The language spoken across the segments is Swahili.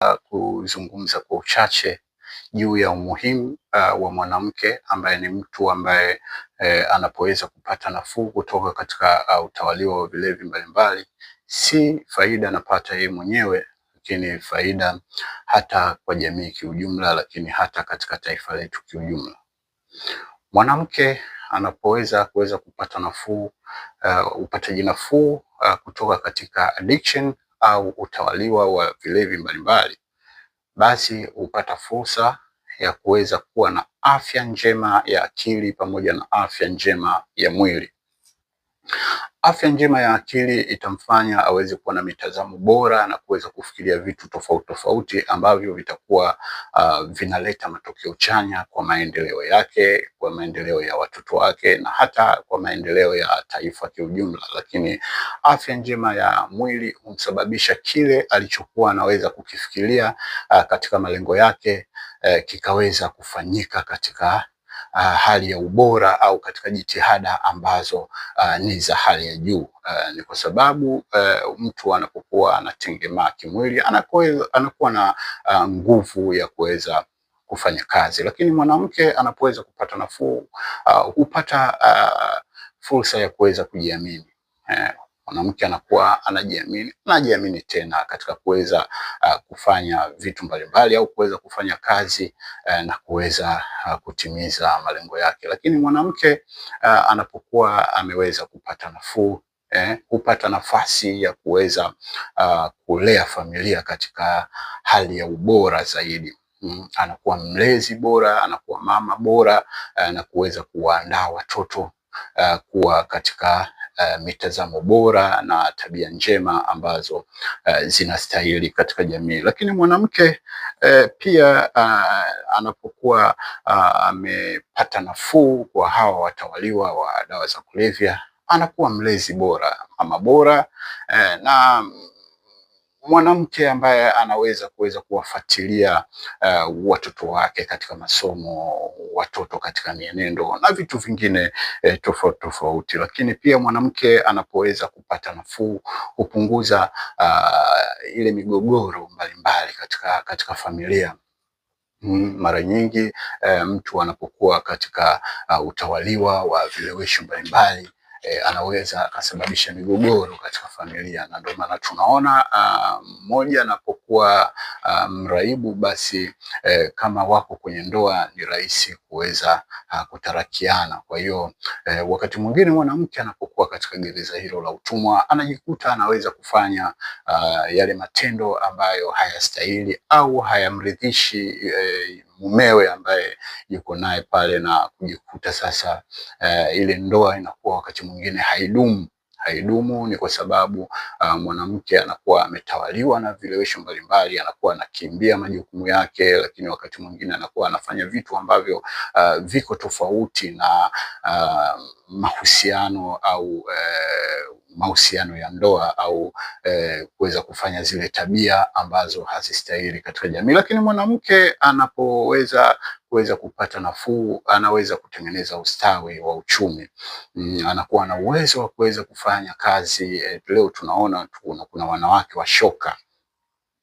Uh, kuzungumza kwa uchache juu ya umuhimu uh, wa mwanamke ambaye ni mtu ambaye eh, anapoweza kupata nafuu kutoka katika uh, utawaliwa wa vilevi mbalimbali, si faida anapata yeye mwenyewe, lakini faida hata kwa jamii kiujumla, lakini hata katika taifa letu kiujumla. Mwanamke anapoweza kuweza kupata nafuu uh, upataji nafuu uh, kutoka katika addiction au utawaliwa wa vilevi mbalimbali, basi hupata fursa ya kuweza kuwa na afya njema ya akili pamoja na afya njema ya mwili. Afya njema ya akili itamfanya aweze kuwa na mitazamo bora na kuweza kufikiria vitu tofauti tofauti ambavyo vitakuwa uh, vinaleta matokeo chanya kwa maendeleo yake, kwa maendeleo ya watoto wake na hata kwa maendeleo ya taifa kiujumla. Lakini afya njema ya mwili humsababisha kile alichokuwa anaweza kukifikiria uh, katika malengo yake uh, kikaweza kufanyika katika uh, hali ya ubora au katika jitihada ambazo uh, ni za hali ya juu. Uh, ni kwa sababu uh, mtu anapokuwa anatengemaa kimwili anakuwa, na uh, nguvu ya kuweza kufanya kazi, lakini mwanamke anapoweza kupata nafuu uh, hupata uh, fursa ya kuweza kujiamini. Uh, Mwanamke anakuwa anajiamini, anajiamini tena katika kuweza uh, kufanya vitu mbalimbali au kuweza kufanya kazi uh, na kuweza uh, kutimiza malengo yake. Lakini mwanamke uh, anapokuwa ameweza kupata nafuu eh, kupata nafasi ya kuweza uh, kulea familia katika hali ya ubora zaidi. Mm, anakuwa mlezi bora, anakuwa mama bora uh, na kuweza kuwaandaa watoto uh, kuwa katika uh, mitazamo bora na tabia njema ambazo uh, zinastahili katika jamii. Lakini mwanamke uh, pia uh, anapokuwa uh, amepata nafuu kwa hawa watawaliwa wa dawa za kulevya, anakuwa mlezi bora, mama bora eh, na mwanamke ambaye anaweza kuweza kuwafuatilia uh, watoto wake katika masomo, watoto katika mienendo na vitu vingine eh, tofauti tofauti. Lakini pia mwanamke anapoweza kupata nafuu hupunguza uh, ile migogoro mbalimbali katika, katika familia. Hmm, mara nyingi eh, mtu anapokuwa katika uh, utawaliwa wa vilewesho mbalimbali e, anaweza akasababisha migogoro katika familia, na ndio maana tunaona mmoja anapokuwa mraibu basi e, kama wako kwenye ndoa ni rahisi kuweza kutarakiana. Kwa hiyo e, wakati mwingine mwanamke anapokuwa katika gereza hilo la utumwa anajikuta anaweza kufanya a, yale matendo ambayo hayastahili au hayamridhishi e, mumewe ambaye yuko naye pale na kujikuta sasa uh, ile ndoa inakuwa wakati mwingine haidumu haidumu ni kwa sababu uh, mwanamke anakuwa ametawaliwa na vilewesho mbalimbali, anakuwa anakimbia majukumu yake, lakini wakati mwingine anakuwa anafanya vitu ambavyo uh, viko tofauti na uh, mahusiano au uh, mahusiano ya ndoa au eh, kuweza kufanya zile tabia ambazo hazistahili katika jamii. Lakini mwanamke anapoweza kuweza kupata nafuu, anaweza kutengeneza ustawi wa uchumi mm, anakuwa na uwezo wa kuweza kufanya kazi eh, leo tunaona tuna, kuna wanawake wa shoka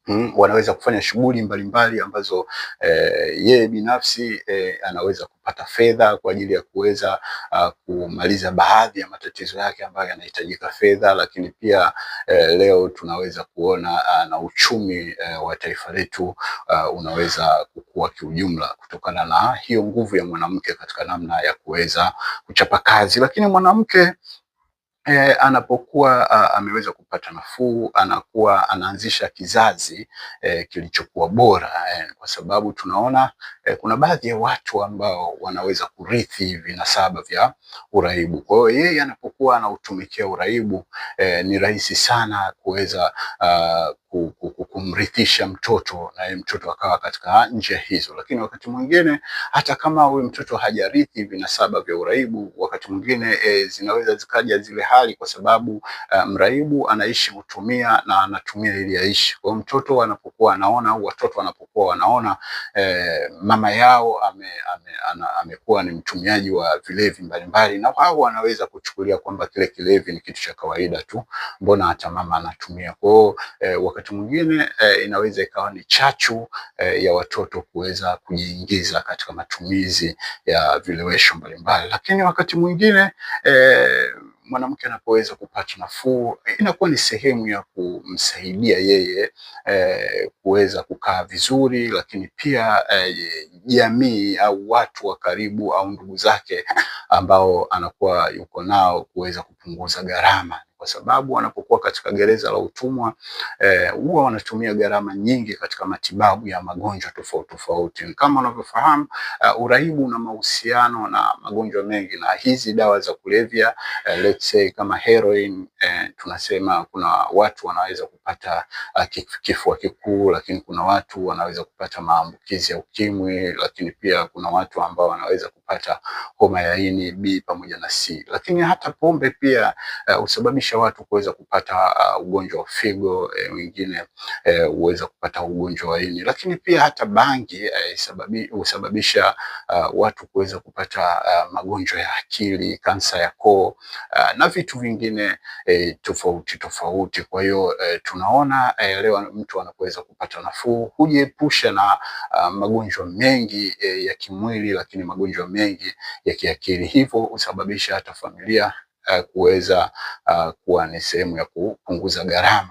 Hmm, wanaweza kufanya shughuli mbalimbali ambazo eh, yeye binafsi eh, anaweza kupata fedha kwa ajili ya kuweza uh, kumaliza baadhi ya matatizo yake ambayo yanahitajika fedha, lakini pia eh, leo tunaweza kuona uh, na uchumi eh, wa taifa letu uh, unaweza kukua kiujumla kutokana na hiyo nguvu ya mwanamke katika namna ya kuweza kuchapa kazi, lakini mwanamke e, anapokuwa ameweza kupata nafuu, anakuwa anaanzisha kizazi e, kilichokuwa bora e, kwa sababu tunaona e, kuna baadhi ya watu ambao wanaweza kurithi vinasaba vya uraibu. Kwa hiyo yeye anapokuwa anautumikia uraibu e, ni rahisi sana kuweza uh, ku, ku kumrithisha mtoto yeye mtoto akawa katika njia hizo. Lakini wakati mwingine hata kama huyu mtoto hajarithi vinasaba vya uraibu, wakati mwingine e, zinaweza zikaja zile hali kwa sababu e, mraibu anaishi kutumia na anatumia ili aishi. Kwa hiyo mtoto anapokuwa anaona au watoto wanapokuwa wanaona e, mama yao ame, ame, amekuwa ni mtumiaji wa vilevi mbalimbali, na wao wanaweza kuchukulia kwamba kile kilevi ni kitu cha kawaida tu, mbona hata mama anatumia. Kwa hiyo e, wakati mwingine eh, inaweza ikawa ni chachu eh, ya watoto kuweza kujiingiza katika matumizi ya vilewesho mbalimbali, lakini wakati mwingine eh, mwanamke anapoweza kupata nafuu eh, inakuwa ni sehemu ya kumsaidia yeye eh, kuweza kukaa vizuri, lakini pia eh, jamii eh, au watu wa karibu au ndugu zake ambao anakuwa yuko nao kuweza kupunguza gharama kwa sababu wanapokuwa katika gereza la utumwa eh, huwa eh, wanatumia gharama nyingi katika matibabu ya magonjwa tofauti tofauti. Kama unavyofahamu uh, eh, urahibu una mahusiano na magonjwa mengi, na hizi dawa za kulevya eh, let's say kama heroin eh, tunasema kuna watu wanaweza kupata uh, kifua kikuu, lakini kuna watu wanaweza kupata maambukizi ya UKIMWI, lakini pia kuna watu ambao wanaweza kupata kupata homa ya ini B pamoja na C. Lakini hata pombe pia eh, husababisha uh, watu kuweza kupata uh, ugonjwa wa figo, eh, wengine eh, huweza kupata ugonjwa wa ini, lakini pia hata bangi husababisha uh, uh, watu kuweza kupata uh, magonjwa ya akili, kansa ya koo uh, na vitu vingine eh, tofauti tofauti. Kwa hiyo eh, tunaona eh, leo mtu anapoweza kupata nafuu hujiepusha na uh, magonjwa mengi eh, ya kimwili, lakini magonjwa mengi ya kiakili, hivyo husababisha hata familia uh, kuweza uh, kuwa ni sehemu ya kupunguza gharama.